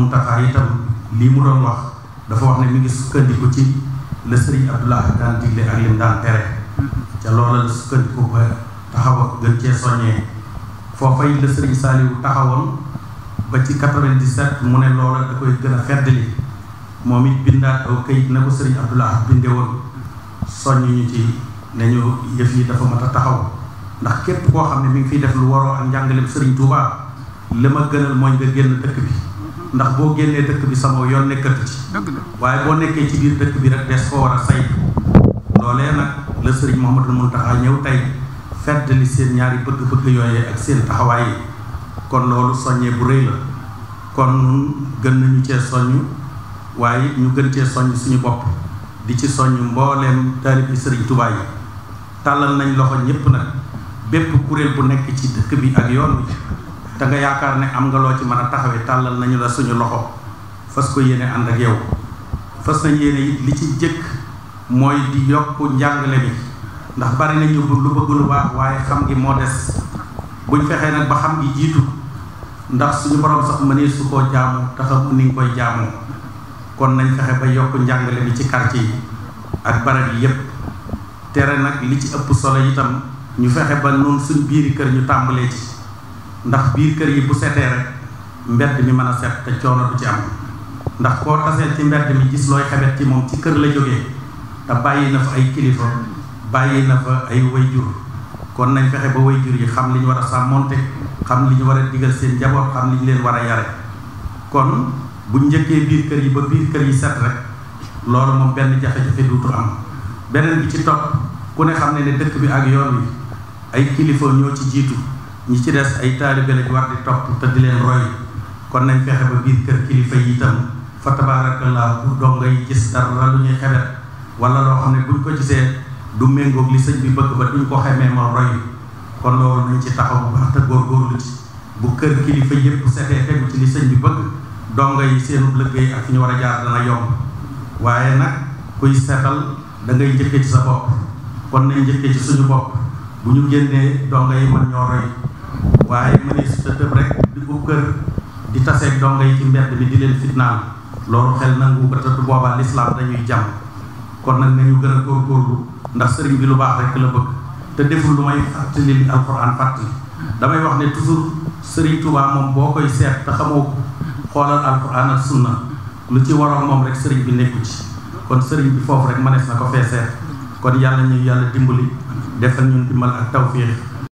Muntaxa itam lii mu doon wax dafa wax ne mi ngi sukkandiku ci la sëriñ Abdoulaye daan digle ak lim loola la sukkandiku ba taxaw ak gën cee soññee foofay la ba ci 97 mu ne loola da koy gën a feddali moom it bindaat aw kayit na ko sëriñ Abdoulaye binde woon soññ ñu ci ne ñu yëf yi dafa mat a taxaw ndax képp koo xam ne mu ngi fiy def lu waroo ak njàngaleem sëriñ Touba li ma gënal mooy nga génn dëkk bi ndax boo génnee dëkk bi sama yoon nekkatu ci waaye boo nekkee ci biir dëkk bi rek des koo war a saytu loolee nag la sëriñ Mouhamadou Mountakha ñëw tey feddali seen ñaari bëgg-bëgg yooyee ak seen taxawaay kon loolu soññee bu rëy la kon nun gën nañu ci soññ waaye ñu gën cee soññ suñu bopp di ci soññ mbooleem taalibi sëriñ Tuubaa yi tàllal nañ loxo ñépp nag bépp kuréel bu nekk ci dëkk bi ak yoon da nga yaakaar ne am nga loo ci mën a taxawee tàllal nañu la suñu loxo fas ko yéene ànd ak yow fas nañ yéene li ci jëkk mooy di yokk njàngale bi ndax bari na ñu lu bëgg lu waaye xam gi moo des buñ fexe nag ba xam gi jiitu ndax suñu borom sax mënee su koo jaamu te xamu ni koy jaamu kon nañ fexe ba yokk njàngale bi ci karti yi ak barab yi yépp tere nag li ci ëpp solo tam ñu fexe ba noonu suñ biiri kër ñu tàmbalee ci ndax biir kër yi bu setee rek mbedd mi mën a set te coono du ci am ndax koo tasee ci mbedd mi gis looy xebet ci moom ci kër la jóge te bàyyi na fa ay kilifa bàyyi na fa ay wayjur kon nañ fexe ba wayjur yi xam li ñu war a sàmmoonte xam li ñu war a digal seen njaboot xam li leen war a yare kon bu njëkkee biir kër yi ba biir kër yi set rek loolu moom benn jafe-jafe duutu am beneen bi ci topp ku ne xam ne ne dëkk bi ak yoon wi ay kilifa ñoo ci jiitu ñi ci des ay taalibe lañ war di topp te di leen roy kon nañ fexe ba biir kër kilifa yi itam fa tabaarakallaa bu doo ngay gis dara lu ñuy xebet wala loo xam ne buñ ko gisee du méngoog li sëñ bi bëgg ba duñ ko xemee ma roy kon loolu nañ ci taxaw bu baax te góorgóorlu bu kër kilifa yëpp setee tegu ci li sëñ bi bëgg dongo yi seenu liggéey ak ñu war a jaar dana yomb waaye nag kuy seetal da ngay njëkkee ci sa bopp kon nañ njëkkee ci suñu bopp bu ñu génnee dongo yi mën ñoo waaye mënees sa tëb rek di ko kër di taseeg donga yi ci mbedd bi di leen fitnaal loolu xel nangu ko te boobaa lislaam dañuy jàmm kon nag nañu gën a góorgóorlu ndax sëriñ bi lu baax rek la bëgg te deful lu may fàttali li alxuraan fàttali damay wax ne toujours sëriñ Tuubaa moom boo koy seet te xamoo xoolal alxuraan ak sunna lu ci waroon moom rek sëriñ bi nekku ci kon sëriñ bi foofu rek mënees na ko fee seet kon yàlla ñu yàlla dimbali defal ñun dimbal ak tawfiix